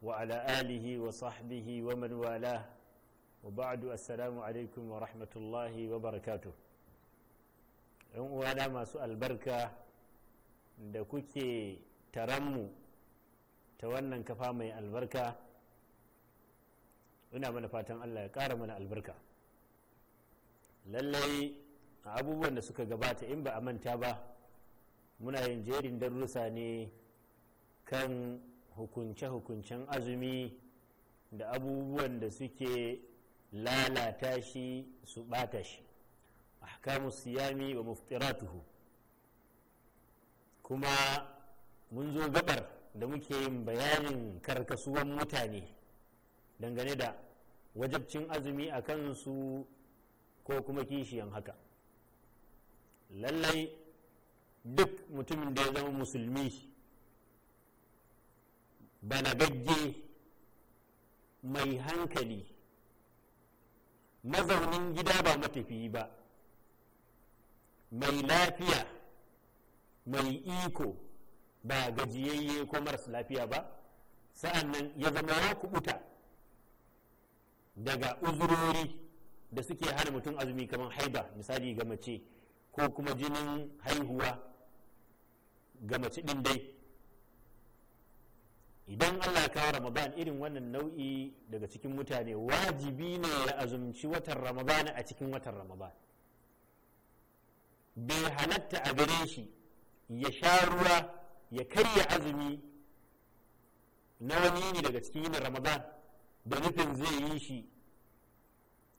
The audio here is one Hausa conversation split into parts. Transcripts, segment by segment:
wa man wala ومن والاه وبعد السلام wa ورحمة Wa وبركاته yan uwana masu albarka da kuke mu ta wannan kafa mai albarka ina mana fatan allah ya ƙara mana albarka lallai a abubuwan da suka gabata in ba a manta ba muna yin jerin darussa ne kan hukunce-hukuncen azumi da abubuwan da suke lalata shi su ɓata shi ahkamu siyami wa muftiratuhu kuma mun zo gabar da muke yin bayanin karkasuwan mutane dangane da wajabcin azumi a kansu ko kuma kishiyan haka lallai duk mutumin da ya zama musulmi banagagge mai hankali mazaunin gida ba matafi ba mai lafiya mai iko ba gajiyayye ko maras lafiya ba sa'an nan ya zama ya kubuta daga uzurori da suke hana mutum azumi kamar haiba misali ga mace ko kuma jinin haihuwa ga mace ɗin dai idan Allah ka Ramadan irin wannan nau'i daga cikin mutane wajibi ne ya azumci watan Ramadan a cikin watan Ramadan bai halatta a gare shi ya sha ruwa ya karya azumi na wani yini daga cikin yinin Ramadan da nufin zai yi shi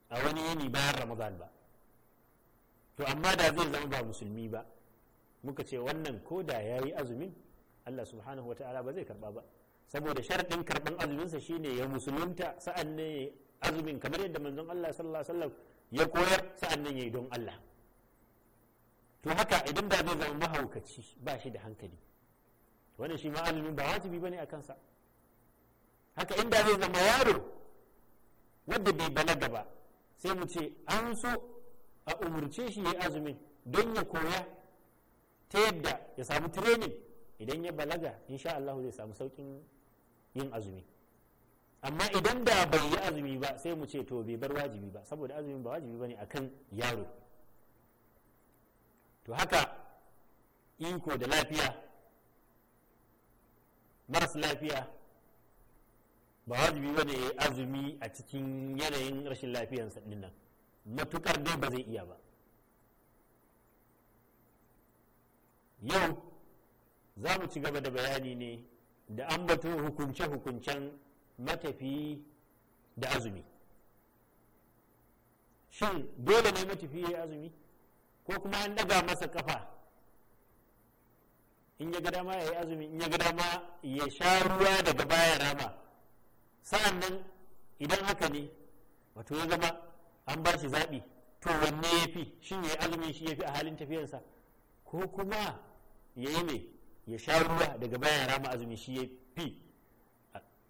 a wani yini bayan Ramadan ba to amma da zai zama ba musulmi ba muka ce wannan ko da ya yi azumin Allah subhanahu wa ta'ala ba zai karba ba saboda sharɗin karɓan azuminsa shine ya musulunta sa'an ne azumin kamar yadda manzon Allah sallallahu alaihi wasallam ya koyar sa'an nan yayi don Allah to haka idan ba zai zama mahaukaci ba shi da hankali wannan shi ma azumin ba wajibi bane a kansa haka inda zai zama yaro wanda bai balaga ba sai mu ce an so a umurce shi ya azumin don ya koya ta yadda ya samu training idan ya balaga insha Allah zai samu saukin yin azumi amma idan da bai yi azumi ba sai mu ce to bai bar wajibi ba saboda azumi ba wajibi bane akan yaro to haka iko da lafiya maras lafiya ba wajibi bane ne azumi a cikin yanayin rashin lafiyan lafiyansa dinnan matukar dai ba zai iya ba yau za mu ci gaba da bayani ne da ambato hukunce-hukuncen matafiyi da azumi shin dole ne matafi ya azumi ko kuma an daga masa kafa in ya ga dama ya yi azumi in ya ga dama ya sha ruwa daga baya rama sa'an nan idan haka ne wato ya zama an ba shi zaɓi to wanne ya fi shin ya yi azumi shi ya fi a halin tafiyarsa ko kuma ya yi mai ya sha ruwa daga bayan rama azumi shi ya fi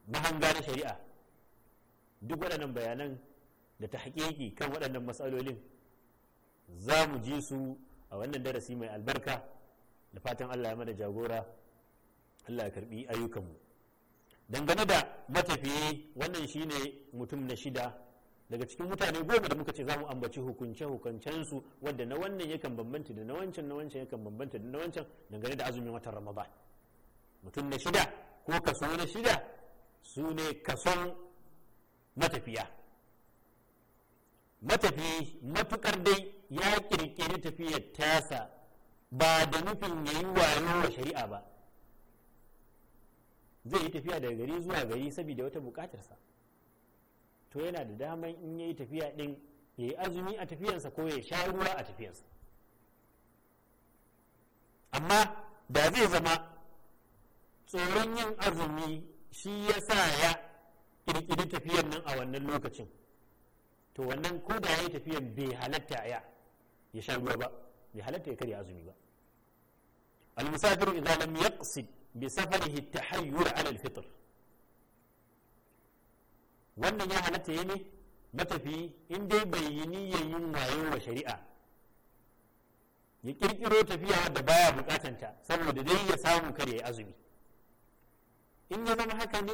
mahanga na shari'a duk waɗannan bayanan da ta haƙiƙi kan waɗannan matsalolin za mu ji su a wannan darasi mai albarka da fatan allah ya mada jagora allah ya karbi ayyukanmu dangane da matafiye wannan shine mutum na shida daga cikin mutane goma da muka ce za mu ambaci hukunce hukuncensu wadda na wannan yakan bambanta da na wancan na wancan yakan bambanta da na wancan dangane da azumin watan ramadan mutum na shida ko kaso na shida su ne kason matafiya matafi matukar dai ya kirkiri tafiyar tasa ba da nufin ya yi wayo wa shari'a ba zai yi tafiya daga gari zuwa gari saboda wata bukatarsa to yana da dama in yayi tafiya din ya yi azumi a tafiyansa ko ya sha ruwa a tafiyansa amma da zai zama tsoron yin azumi shi ya sa ya ƙirƙiri tafiyan nan a wannan lokacin to wannan ko da ya yi tafiyan bai halatta ya ya sha ruwa ba bai halatta ya karya azumi ba al-musafir idan lam yaqsid bi safarihi tahayyur ala al-fitr wannan ya halatta ya ne matafi in dai bai yi niyyar yin wayo wa shari'a ya kirkiro tafiya da baya bukatanta saboda dai ya samu kar ya azumi in ya zama haka ne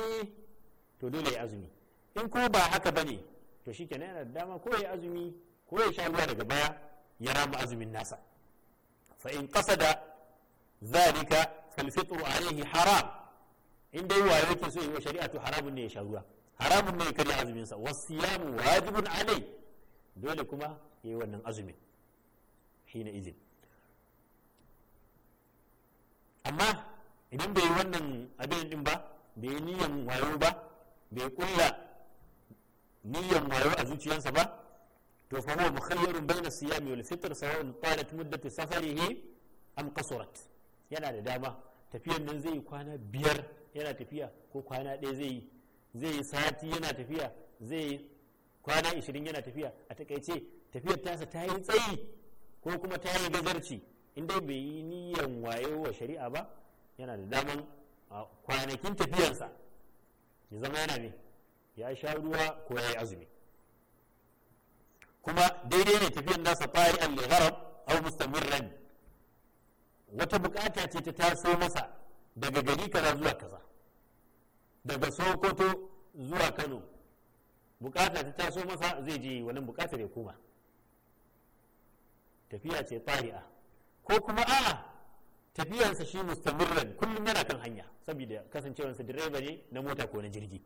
to dole ya azumi in ko ba haka ba ne to shi na yana da dama ko ya azumi ko ya sha ruwa daga baya ya rama azumin nasa fa in qasada zalika fal fitru alayhi haram in dai wayo yake so yi wa shari'a to haramun ne ya sha ruwa haramun ne kare azuminsa wasu mu wajibin alai dole kuma ya yi wannan azumin shi na izin amma idan bai yi wannan abin din ba bai yi niyan wayo ba bai kulla niyan wayo a zuciyarsa ba to fa huwa mukhayyarun bayna siyami wal fitr sawa'un talat muddatu safarihi am qasurat yana da dama tafiyan nan zai yi kwana biyar yana tafiya ko kwana ɗaya zai yi zai yi sati yana tafiya zai yi kwana ishirin yana tafiya a takaice tafiyar tasa ta yi tsayi ko kuma ta yi gazarci inda bai yi niyan wayo wa shari'a ba yana da daman kwanakin tafiyarsa ya zama yana ne ya sha ruwa ko ya yi azumi kuma daidai ne tafiyar nasa fari al gharab au mustamirran wata bukata ce ta taso masa daga gari kaza zuwa kaza daga sokoto zuwa kano bukata ta taso masa zai je wannan bukatar ya koma tafiya ce tari'a ko kuma a tafiyarsa shi mustamirran kullum yana kan hanya saboda kasancewarsa direba ne na mota ko na jirgi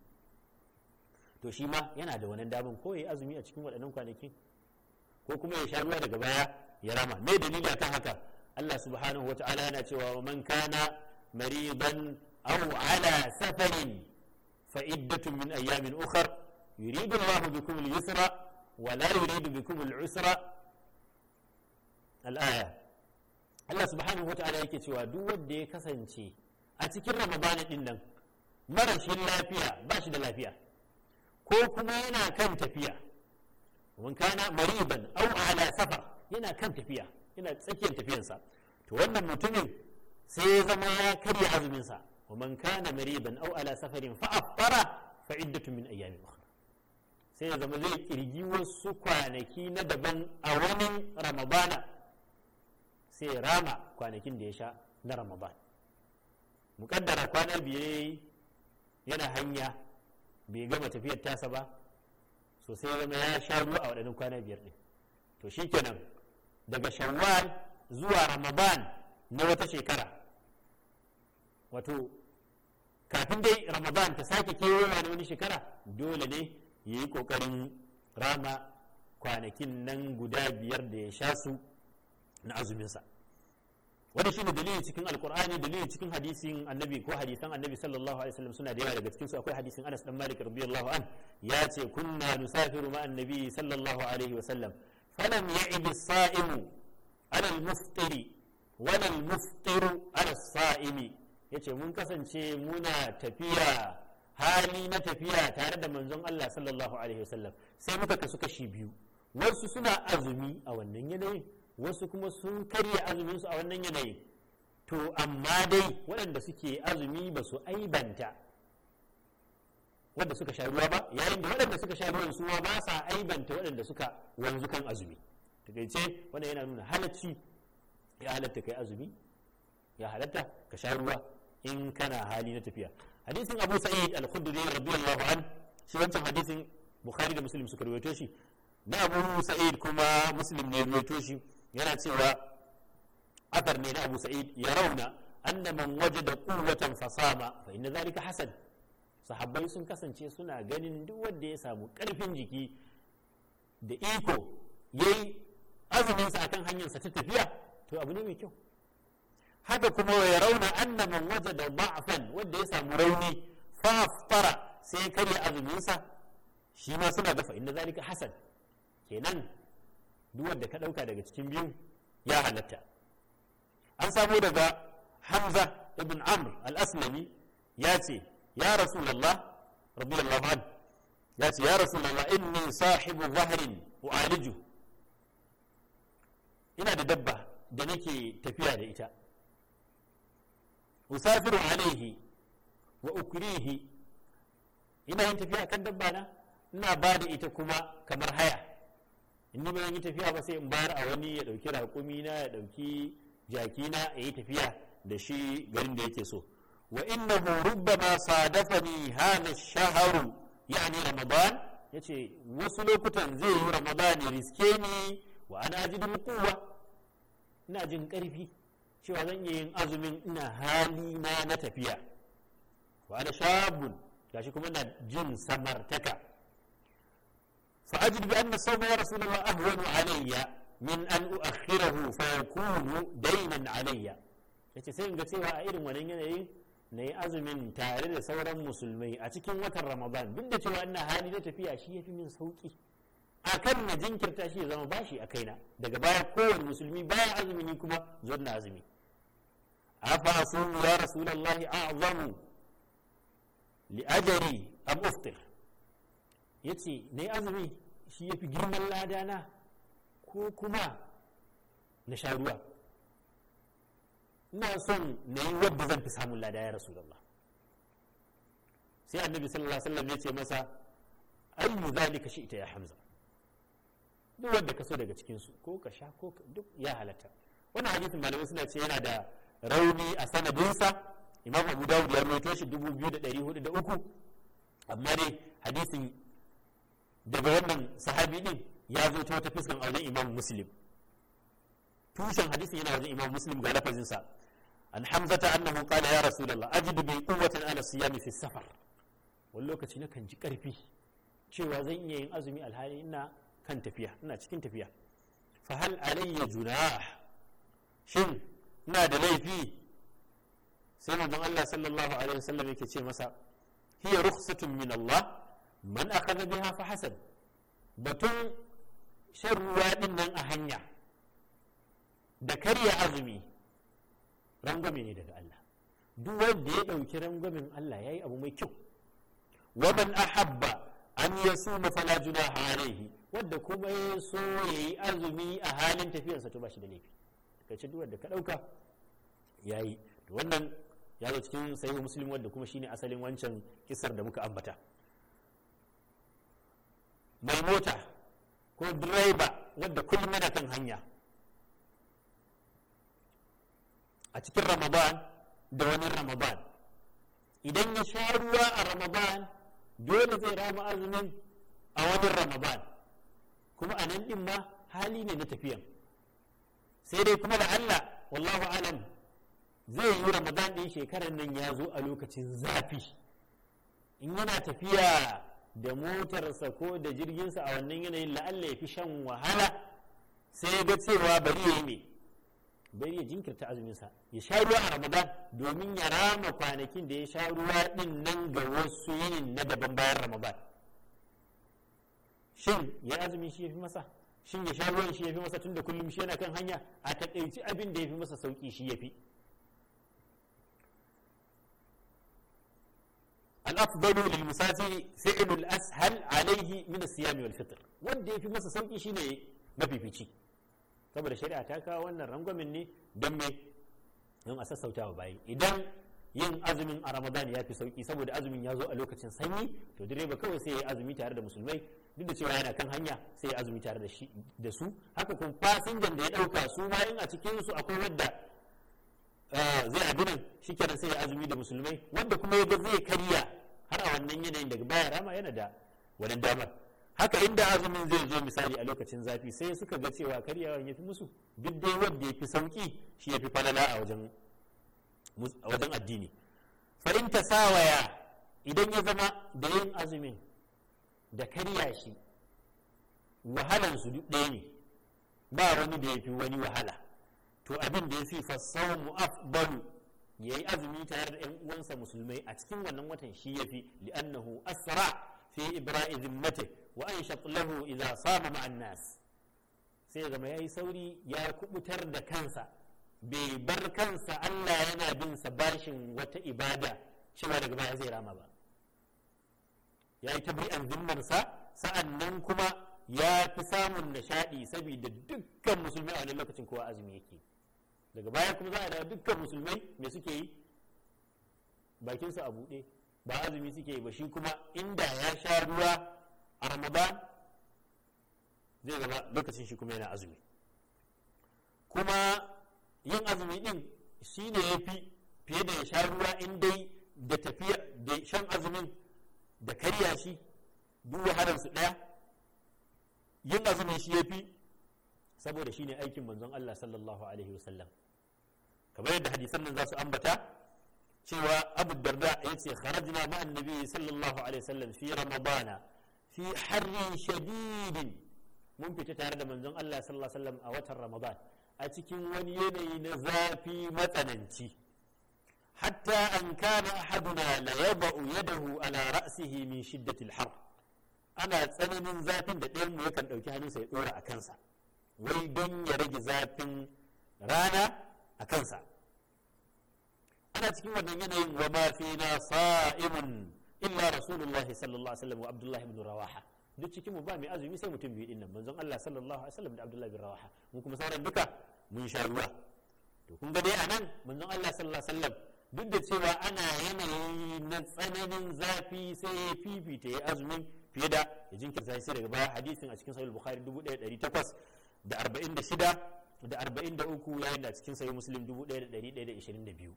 to shi ma yana da wani damin ko ya azumi a cikin waɗannan kwanaki ko kuma ya sha ruwa daga baya ya rama mai dalili akan haka Allah subhanahu wa ta'ala yana cewa man kana mariban aw ala safarin فعدة من أيام أخر يريد الله بكم اليسر ولا يريد بكم العسر الآية Allah subhanahu wa ta'ala yake cewa duk wanda ya kasance a cikin Ramadana ɗinnan mara marashin lafiya ba shi da lafiya ko kuma yana kan tafiya mun kana mariban aw ala safar yana kan tafiya yana tsakiyar tafiyarsa to wannan mutumin sai ya zama ya karya azuminsa. wa man kana maridan aw ala safarin fa afara fa iddatu sai ya zama zai kirgi wasu kwanaki na daban a wani ramadana sai rama kwanakin da ya sha na ramadan mukaddara kwana biyar yana hanya bai gama tafiyar tasa ba so sai zama ya sha ruwa a waɗannan kwana biyar ɗin to shikenan daga shawwal zuwa ramadan na wata shekara wato kafin dai ramadan ta sake kewaye na wani shekara dole ne ya yi kokarin rama kwanakin nan guda biyar da ya sha su na azuminsa wanda shine dalili cikin alkur'ani dalili cikin hadisin annabi ko hadisan annabi sallallahu alaihi wasallam suna da yawa daga cikin su akwai hadisin Anas dan Malik radiyallahu an ya ce kunna nusafiru ma annabi sallallahu alaihi wasallam falam ya'ib as-sa'imu ala al-muftiri wa al-muftiru ala as-sa'imi ya ce mun kasance muna tafiya hali na tafiya tare da manzon Allah sallallahu alaihi wasallam sai muka kasu kashi biyu wasu suna azumi a wannan yanayin wasu kuma sun karya azuminsu a wannan yanayin to amma dai waɗanda suke azumi ba su aibanta wanda suka sha ruwa ba yayin da waɗanda suka sha ruwan suwa ba sa aibanta waɗanda suka wanzu kan azumi takaice wannan yana nuna halacci ya halatta kai azumi ya halatta ka sha ruwa in kana hali na tafiya hadisin abu sa'id al-khudri radiyallahu an shi wancan hadisin bukhari da muslim suka rawaito shi na abu sa'id kuma muslim ne rawaito shi yana cewa athar ne na abu sa'id ya rauna anna man wajada quwwatan fasama fa inna dhalika hasan sahabbai sun kasance suna ganin duk wanda ya samu karfin jiki da iko yayi azumin sa akan hanyar sa ta tafiya to abu ne mai kyau haka kuma ya rauna anna man da ba'afan wanda ya samu rauni fa sai karya azuminsa shi ma suna dafa inda zalika hasan kenan duk wanda ka dauka daga cikin biyu ya halatta an samu daga hamza ibn amr al-aslami ya ce ya rasulullah radiyallahu anhu ya ce ya rasulullah inni sahibu zahrin u'aliju ina da dabba da nake tafiya da ita usafiru alaihi wa ukrihi ina yin tafiya kan dabba na ina ba da ita kuma kamar haya in ni ba yi tafiya ba sai in bayar a wani ya dauki raƙumi na ya dauki jaki na ya yi tafiya da shi garin da yake so wa innahu rubbama sadafani hana shaharu yani ramadan yace wasu lokutan zai yi ramadan riske ni wa ana ajidu quwwa ina jin karfi cewa zan iya yin azumin ina hali na na tafiya wa ana shabun gashi kuma na jin samartaka fa ajid bi anna sawma ya rasulullah ahwanu alayya min an uakhirahu fa yakunu daynan alayya yace sai in ga cewa a irin wannan yanayin na yi azumin tare da sauran musulmai a cikin watan ramadan duk da cewa ina hali na tafiya shi ya fi min sauki a kan na jinkirta shi ya zama bashi a kaina daga baya kowane musulmi baya azumi ni kuma zo na azumi afa sun ya rasulullahi a'zamu li ajri am uftir yace nayi azumi shi yafi girman lada na ko kuma na sharuwa ina son na yi wadda zan fi samun lada ya rasulullah sai annabi sallallahu alaihi wasallam ya ce masa ayyu zalika ita ya hamza duk wanda ka so daga cikin su ko ka sha ko duk ya halatta wannan hadisin malamai suna ce yana da rauni a sanadinsa imam abu dawud ya rawaito shi 2403 amma dai hadisin daga wannan sahabi din ya zo ta wata fuskan a wajen imam muslim tushen hadisin yana wajen imam muslim ga lafazin sa an hamzata annahu qala ya rasulullah ajidu bi quwwatin ala siyami fi safar wani lokaci na kan ji karfi cewa zan iya yin azumi alhali ina kan tafiya ina cikin tafiya fa hal alayya junah shin ina da laifi sai manzon Allah sallallahu alaihi wasallam yake ce masa hiya rukhsatun min Allah man akhadha biha fa hasan batun shan ruwa din nan a hanya da karya azumi rangwame ne daga Allah duk wanda ya dauki rangwamen Allah yayi yi abu mai kyau man ahabba an ya fala junaha alaihi wadda kuma ya so ya yi azumi a halin tafiyarsa to ba shi da laifi ka ci duwar ka ɗauka ya yi to wannan ya zo cikin sahihu musulmi wadda kuma shine asalin wancan kisar da muka ambata mai mota ko direba wadda kullum yana kan hanya a cikin ramadan da wani ramadan idan ya sha ruwa a ramadan dole zai rama azumin a wani ramadan kuma a nan ɗin ma hali ne na tafiyan sai dai kuma da Allah wallahu alam zai yi ramadan ɗin shekarar nan ya zo a lokacin zafi in yana tafiya da motarsa ko da jirginsa a wannan yanayin la'alla ya fi shan wahala sai ga cewa bari ya yi me bari ya jinkirta azuminsa ya sha ruwa a ramadan domin ya rama kwanakin da ya sha ruwa ɗin nan ga wasu yinin na daban bayan ramadan shin ya azumi shi ya fi masa shin ya sha ruwan shi fi masa tun da kullum shi yana kan hanya a takaici abin da ya fi masa sauki shi ya yafi الأفضل للمسافر فعل الأسهل عليه من الصيام والفطر wanda fi masa sauki shine fici saboda shari'a ta kawo wannan rangwamin ne don mai don a sassauta wa bayi idan yin azumin a ramadan ya fi sauki saboda azumin ya zo a lokacin sanyi to direba kawai sai ya yi azumi tare da musulmai duk da cewa yana kan hanya sai azumi tare da shi da su haka kuma fasinjan da ya dauka su ma in a cikin su akwai wanda eh, zai abi shi kenan sai azumi da musulmai wanda kuma ya ga zai karya har a wannan yanayin daga baya rama yana da wannan damar haka inda azumin zai zo misali a lokacin zafi sai suka ga cewa karyawan ya fi musu duk dai wanda ya fi sauki shi ya fi falala a wajen a wajen addini fa in tasawaya idan ya zama da yin azumin da karya shi wahalan su duk ɗaya ne ba wani da ya fi wani wahala to abin da ya fi fassawmu afdalu ya yi azumi tare da ‘yan uwansa musulmai a cikin wannan watan shi ya fi li'annahu asra fi ibra'i zimmati wa an lahu idza sama ma'an nas sai zama yayi sauri ya kubutar da kansa bai bar kansa Allah yana bin sa bashin wata ibada cewa daga baya zai rama ba ya yi ta bai'an zimmarsa sa'an nan kuma ya fi samun nishaɗi saboda dukkan musulmai a wani lokacin kowa azumi yake daga baya kuma za a dawo dukkan musulmai me suke yi bakinsa a buɗe ba azumi suke yi ba shi kuma inda ya sha ruwa a ramadan zai zama lokacin shi kuma yana azumi kuma yin azumi din shi ne ya fi fiye da ya sha ruwa in dai da tafiya da shan azumin da karya shi duk wahalar su daya yin azumin shi yafi saboda shine aikin manzon Allah sallallahu alaihi wasallam kamar yadda hadisan nan za su ambata cewa Abu Darda yace ce kharajna ma'an nabi sallallahu alaihi wasallam fi ramadana fi harrin shadidin mun fita tare da manzon Allah sallallahu alaihi wasallam a watan Ramadan a cikin wani yanayi na zafi matsananci حتى أن كان أحدنا ليضع يده على رأسه من شدة الحر أنا tsananin zafin da ɗayan mu yakan ɗauki hannunsa ya ɗora a kansa wai don ya rage zafin rana a kansa ana cikin wannan yanayin wa ma na sa'imun illa rasulullahi sallallahu wa abdullahi rawaha duk cikin mu ba mai azumi sai mutum biyu dinnan manzon Allah sallallahu alaihi wasallam da abdullahi ibn rawaha mu kuma sauran duka mun sha ruwa to kun ga dai anan manzon Allah sallallahu alaihi wasallam duk da cewa ana yanayi na tsananin zafi sai ya fifita ya azumi fiye da ya jinkirta sai daga baya hadisin a cikin sahih bukhari 1846 da da 43 yayin da cikin sahih muslim 1122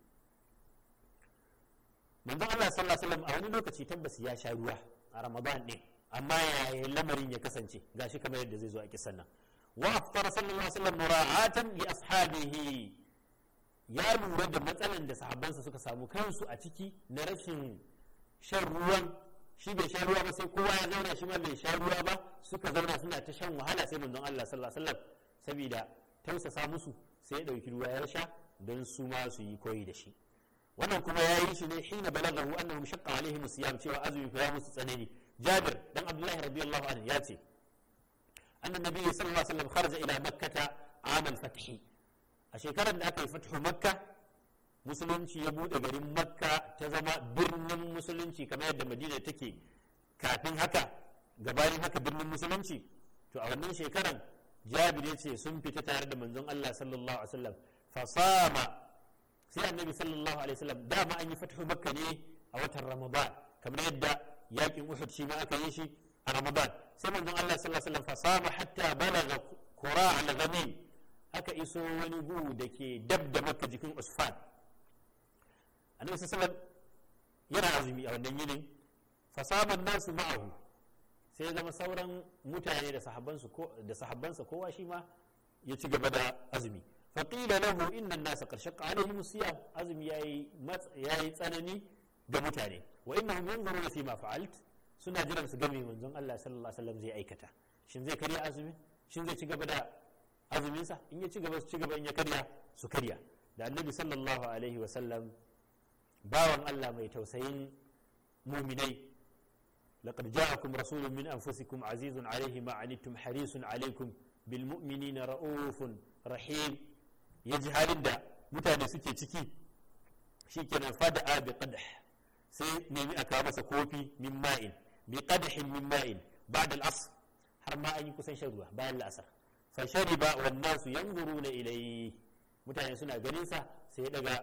manzon Allah sallallahu alaihi wasallam a wani lokaci tabbas ya sha ruwa a Ramadan ne amma yaya lamarin ya kasance gashi kamar yadda zai zo a kisan nan wa aftara sallallahu alaihi wasallam mura'atan li ashabihi ya lura da matsalan da sahabbansa suka samu kansu a ciki na rashin shan ruwan shi bai sha ruwa ba sai kowa ya zauna shi ma bai sha ruwa ba suka zauna suna ta shan wahala sai manzon Allah sallallahu alaihi wasallam saboda tausasa musu sai ya dauki ruwa ya sha don su ma su yi koyi da shi wannan kuma ya yi shi ne hina balagahu annahu shaqqa alaihim siyam cewa azumi fa ya musu tsanani Jabir dan Abdullahi radiyallahu anhu ya ce annabi sallallahu alaihi wasallam kharaja ila makkah amal fathi a shekarar da aka yi fathu makka musulunci ya buɗe garin makka ta zama birnin musulunci kamar yadda madina take kafin haka gabanin haka birnin musulunci to a wannan shekaran jabir ya ce sun fita tare da manzon allah sallallahu alaihi wasallam fasama sai annabi sallallahu alaihi wasallam dama an yi fathu makka ne a watan ramadan kamar yadda yakin uhud shi ma aka yi shi a ramadan sai manzon allah sallallahu alaihi wasallam fasama hatta balaga qura al-ghamim aka iso wani gu da ke dab da maka jikin usfan su sanar yana azumi a wannan yinin fasaban nasu ma'ahu sai zama sauran mutane da sahabbansa kowa shi ma ya ci gaba da azumi faqila lahu inna nasa qad shaqqa yi musiya azumi ya yi tsanani ga mutane wa innahum yanzuruna fi ma fa'alt suna jiran su game manzon Allah sallallahu alaihi wasallam zai aikata shin zai karya azumi shin zai ci gaba da azuminsa in ya ci gaba su ci gaba in ya karya su karya da annabi sallallahu alaihi wasallam bawan Allah mai tausayin muminai laqad ja'akum rasulun min anfusikum azizun alaihi ma anittum harisun alaikum bil mu'minina ra'ufun rahim yaji da mutane suke ciki shikenan fada'a bi qadah sai nemi aka masa kofi min ma'in bi qadahin min ma'in ba'da al-asr har ma an yi kusan shan ruwa bayan la'asar fa shariba wan nasu yanzuruna ilayhi mutane suna ganin sa sai daga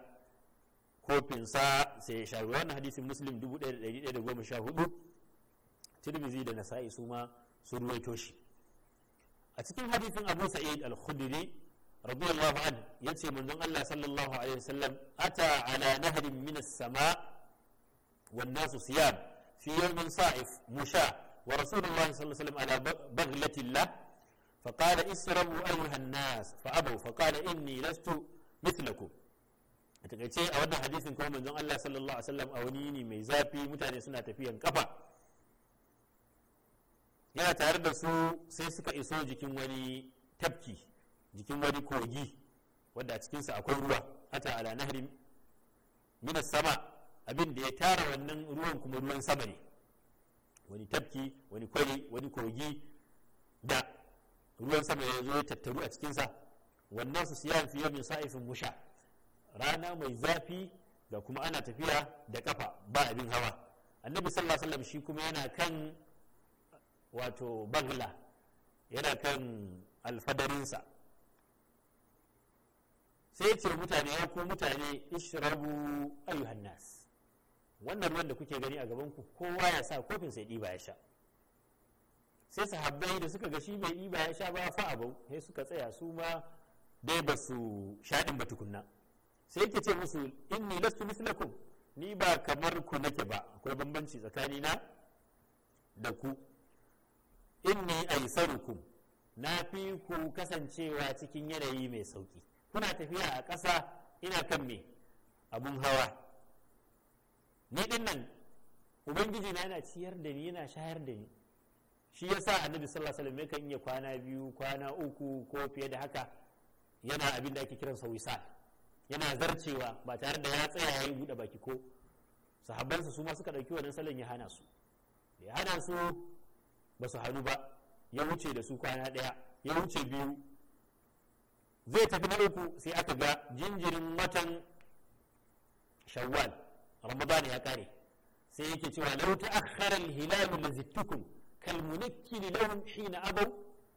kofin sa sai ya sharu wannan hadisin muslim 1114 tirmizi da nasa'i su ma su ruwaito shi a cikin hadisin abu sa'id al-khudri radiyallahu an yace manzon Allah sallallahu alaihi wasallam ata ala nahrin min as-sama wan nasu siyam fi yawmin sa'if musha wa rasulullahi sallallahu alaihi wasallam ala baghlatillah فقال اسربوا أيها الناس فأبوا فقال إني لست مثلكم a a wannan hadisin kuma manzon Allah sallallahu alaihi wasallam a wani ne mai zafi mutane suna tafiyan kafa yana tare da su sai suka iso jikin wani tafki jikin wani kogi wanda a cikinsa akwai ruwa hata ala nahri min sama abin da ya tara wannan ruwan kuma ruwan sama ne wani tafki wani kwari wani kogi da ruwan sama ya zo ya tattaru a cikinsa wannan su siya fiye min sa'ifin musha rana mai zafi da kuma ana tafiya da kafa ba abin hawa annabi sallallahu alaihi wasallam shi kuma yana kan wato bagla yana kan alfadarinsa sai ce mutane ya ku mutane ishrabu ayyuhan nas wannan ruwan da kuke gani a gaban ku kowa ya sa kofin sai ɗiba ya sha sai sahabbai da suka ga shi bai yi ba ya sha ba fa abu sai suka tsaya su ma dai ba su shaɗin ba tukunna sai yake ce musu inni lastu mislakum ni ba kamar ku nake ba akwai bambanci tsakanina da ku inni aisarukum na fi ku kasancewa cikin yanayi mai sauki kuna tafiya a ƙasa ina kan me abun hawa ni dinnan ubangiji na yana ciyar da ni yana shayar da ni shi ya sa annabi sallallahu alaihi wasallam yakan iya kwana biyu kwana uku ko fiye da haka yana abin da ake sa wisal yana zarcewa ba tare da ya tsaya ya yi buɗe baki ko sahabbansa su ma suka ɗauki wannan salon ya hana su ya hana su ba su hannu ba ya wuce da su kwana ɗaya ya wuce biyu zai tafi na uku sai aka ga jinjirin watan shawwal ramadan ya kare sai yake cewa lau ta akhara al-hilal lazittukum kalmunakkili lahum hina abu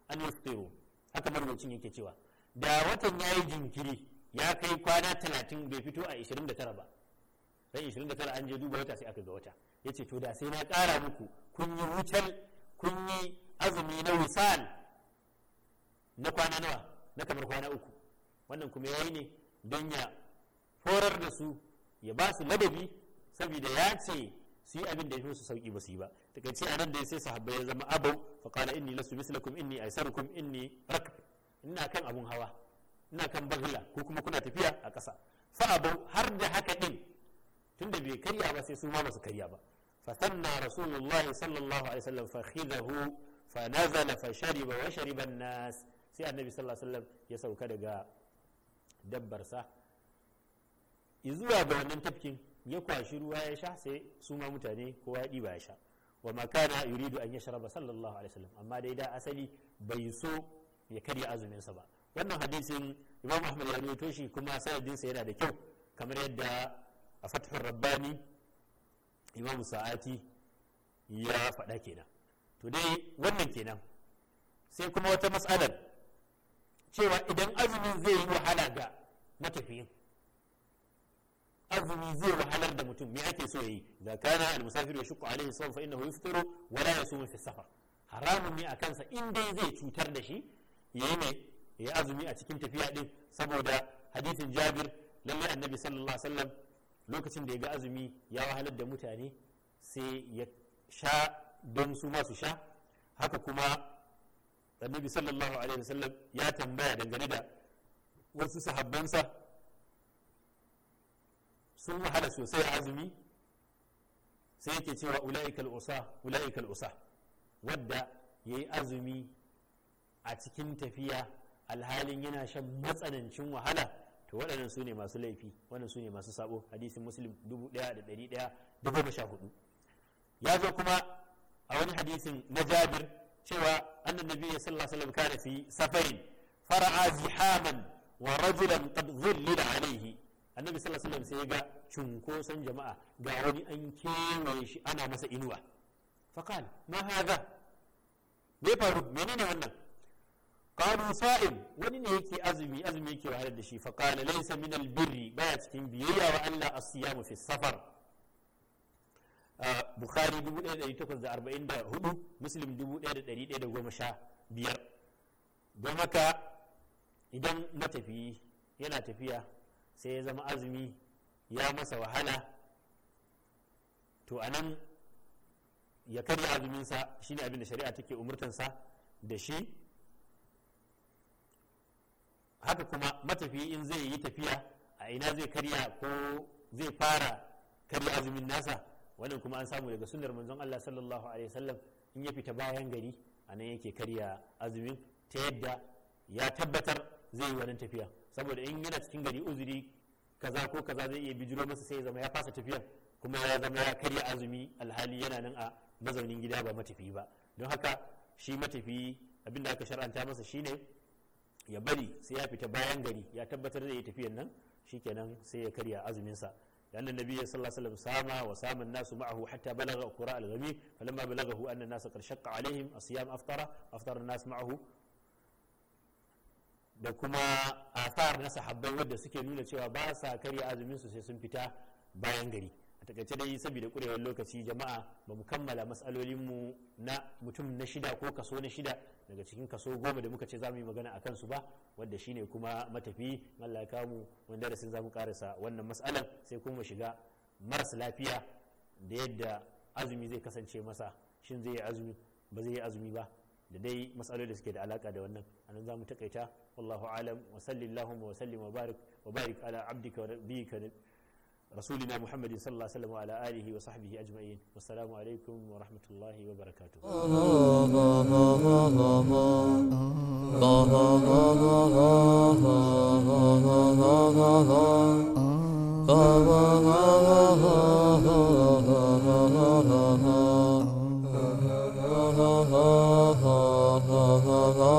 an yuftiru haka marwacin yake cewa da watan yayi jinkiri ya kai kwana talatin bai fito a 29 ba sai 29 an je duba wata sai aka ga wata Ya ce to da sai na kara muku kun yi wutar kun yi azumi na wisal na kwana nawa na kamar kwana uku wannan kuma yayi ne don ya horar da su ya ba su ladabi saboda ya ce su yi abin da ya fi su sauki ba su yi ba takaice a nan da sai sahabbai ya zama abau fa qala inni lasu mislakum inni aisarukum inni rak ina kan abun hawa ina kan bagla ko kuma kuna tafiya a ƙasa fa abau har da haka din tunda bai karya ba sai su ma basu karya ba fasanna rasulullahi sallallahu alaihi wasallam fa khidahu fa nazala fa shariba wa shariba an-nas sai annabi sallallahu alaihi wasallam ya sauka daga dabbarsa izuwa ga wannan tafkin ya kwashi ruwa ya sha sai su ma mutane kowa ya ɗiba ya sha wa makana yuridu an yashraba sallallahu alaihi wasallam amma dai da asali bai so ya karya azumin sa ba wannan hadisin imam ahmad ya rawaito shi kuma sanadin sa yana da kyau kamar yadda a fathur rabbani imam sa'ati ya faɗa kenan to dai wannan kenan sai kuma wata mas'alar cewa idan azumin zai yi wahala ga matafiyin azumi zai wahalar da mutum me ake so yayi idza kana al musafir shuku alaihi sawm fa innahu yuftiru wa la yasumu fi safar haramun ne a kansa in dai zai cutar da shi yayi ne ya azumi a cikin tafiya din saboda hadisin Jabir lallai annabi sallallahu alaihi wasallam lokacin da ya ga azumi ya wahalar da mutane sai ya sha don su ma su sha haka kuma annabi sallallahu alaihi wasallam ya tambaya dangane da wasu sahabbansa sun wahala sosai a azumi sai yake cewa ula'ikal usa ula'ikal usa wadda yayi azumi a cikin tafiya alhalin yana shan matsanancin wahala to waɗannan su ne masu laifi waɗannan su ne masu sabo hadisin muslim 1114 ya zo kuma a wani hadisin na jabir cewa annan nabi ya sallallahu alaihi wasallam fi safarin fara'a zihaman wa rajulan qad dhullila alaihi annabi sallallahu alaihi wasallam sai ga cunkoson jama'a ga wani an kewaye shi ana masa inuwa faqal ma hadha me faru menene wannan qalu sa'im wani ne yake azumi azumi yake wahalar da shi faqala laysa min albirri baya cikin biyayya wa Allah as-siyamu fi safar ah, bukhari 1844 muslim 1115 don haka idan matafiyi yana tafiya sai ya zama azumi ya masa wahala to anan ya karya azuminsa shine abin da shari'a take umurtansa da shi haka kuma matafi in zai yi tafiya a ina zai karya ko zai fara karya azumin nasa wannan kuma an samu daga sunar manzon Allah sallallahu alaihi wasallam in ya fita bayan gari anan yake karya azumin ta yadda ya tabbatar zai yi wannan tafiya saboda in yana cikin gari uzuri kaza ko kaza zai iya bijiro masa sai ya zama ya fasa tafiyan kuma ya zama ya karya azumi alhali yana nan a mazaunin gida ba matafi ba don haka shi abin da aka shar'anta masa shine ya bari sai ya fita bayan gari ya tabbatar da ya tafiyan nan shikenan sai ya karya azumin sa لأن النبي صلى الله عليه وسلم سام وسام الناس معه حتى بلغ قراء الغميم فلما بلغه أن الناس قد شق عليهم الصيام أفطر أفطر الناس معه da kuma asar na sahabbai wadda suke nuna cewa ba sa karya azumin su sai sun fita bayan gari a takaice dai saboda kurewar lokaci jama'a ba mu kammala matsalolin mu na mutum na shida ko kaso na shida daga cikin kaso goma da muka ce za mu yi magana a kansu ba wanda shine kuma matafi mallaka mu wanda darasin za mu karasa wannan matsalan sai kuma shiga marasa lafiya da yadda azumi zai kasance masa shin zai yi azumi ba zai yi azumi ba da dai matsaloli da suke da alaka da wannan anan zamu takaita wallahu alam wa sallallahu wa sallim wa barik wa barik ala abdika wa nabiyyika rasulina muhammadin sallallahu alaihi wa ala alihi wa sahbihi ajma'in wassalamu alaikum wa rahmatullahi wa barakatuh